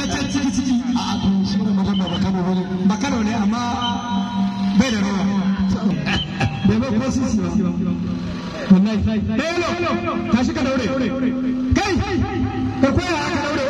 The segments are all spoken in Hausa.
na can ciki ciki a a shi ne magana ba kano bane ba kano ne amma bai da rawa bai ko sisi ba wallahi ka daure kai ka koya aka daure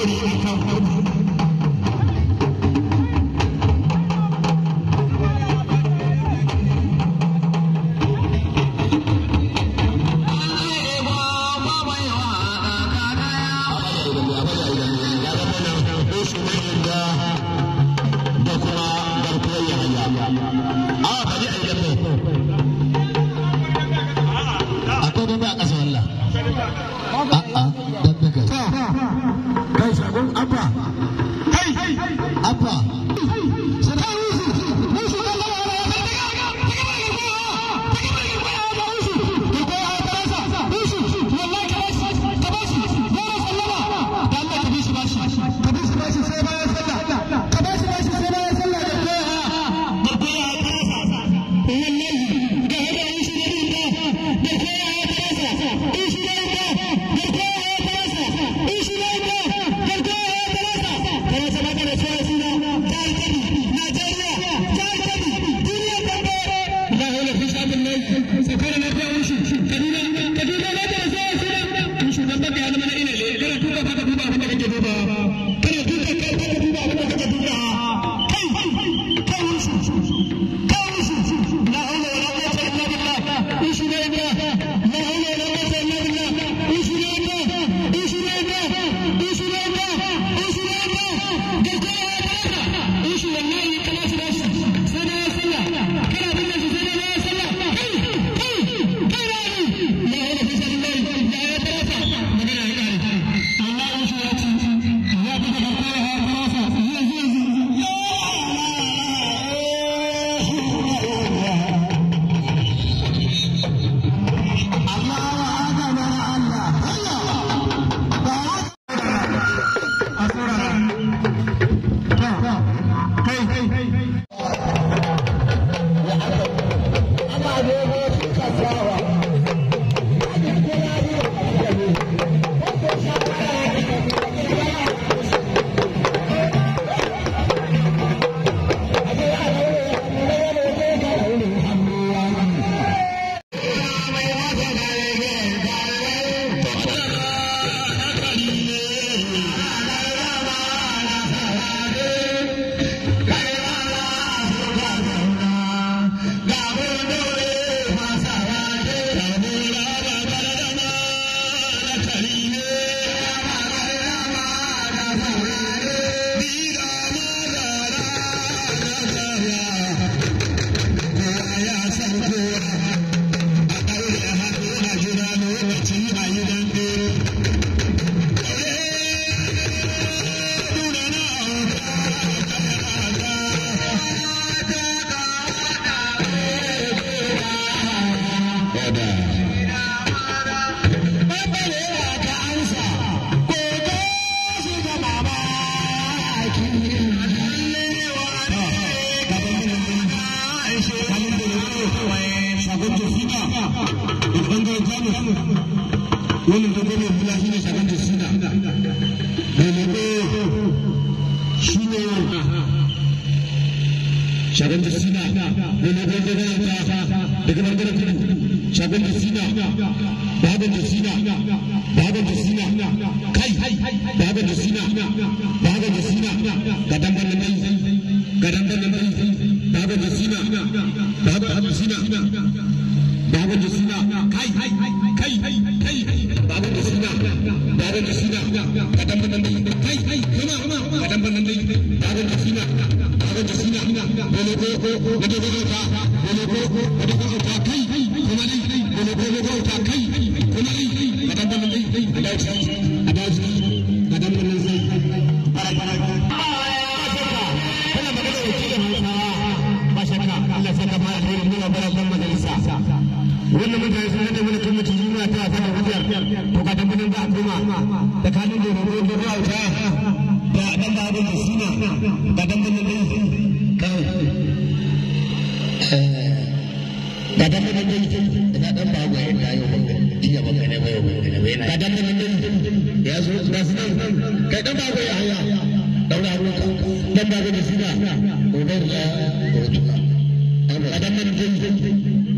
akwai dabba a ƙasa wallah a'a kai shagon abba shagon jasida da bangaren jamus wannan bangaren bula shi ne shagon jasida lalabe shi ne shagon jasida lalabe bangaren ta daga bangaren kudu shagon jasida babin jasida babin jasida kai babin jasida babin kai kai kai baban da suna da kai kai da da kai kai saka wannan mutane ana ta ta da hujjar to ka tabbatar da al'umma tsakanin da da ruwa ta da dan da da da dan da kai da dan da da dan ba ga yadda ba da dan da ya zo da kai dan ba ga daura ruwa dan ba ga ko da ruwa ko da dan da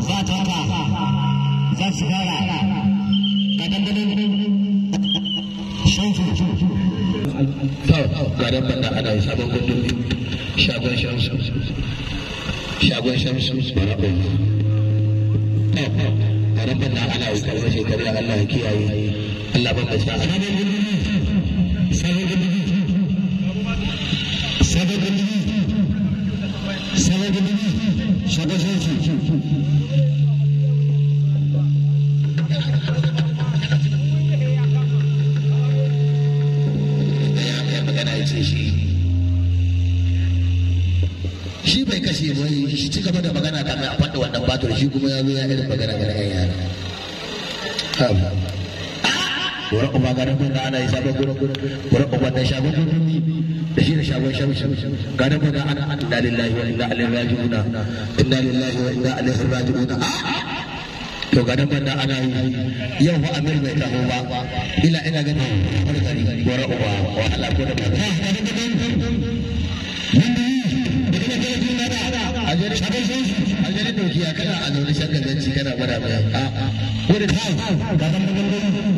za ta haka za su fara ga dandanin shanfu ga garin da ana sabon gudun shagon shamsu shagon shamsu bara bai ga rabban da ana yi karfin shekaru Allah kiyaye Allah ban basa sabon gudun sabon gudun sabon gudun shi bai kashe wani shi ci gaba da magana kamar a faɗi wannan batur shi kuma ya zo ya irin magana ga 'yan yara. kore kuma garin ana yi sabon gurin kore kuma da shagon gurin da shi da shagon shamshi garin bunda ana an lillahi wa inna ilaihi raji'una inna lillahi wa inna ilaihi raji'una ah, ah. to garin bunda ana yi yau fa amir mai taho ba ila ina ganin kore gari kore uba ko da ba ah, kana a zaune kana gwada mai a wadda ta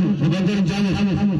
Babamların canı.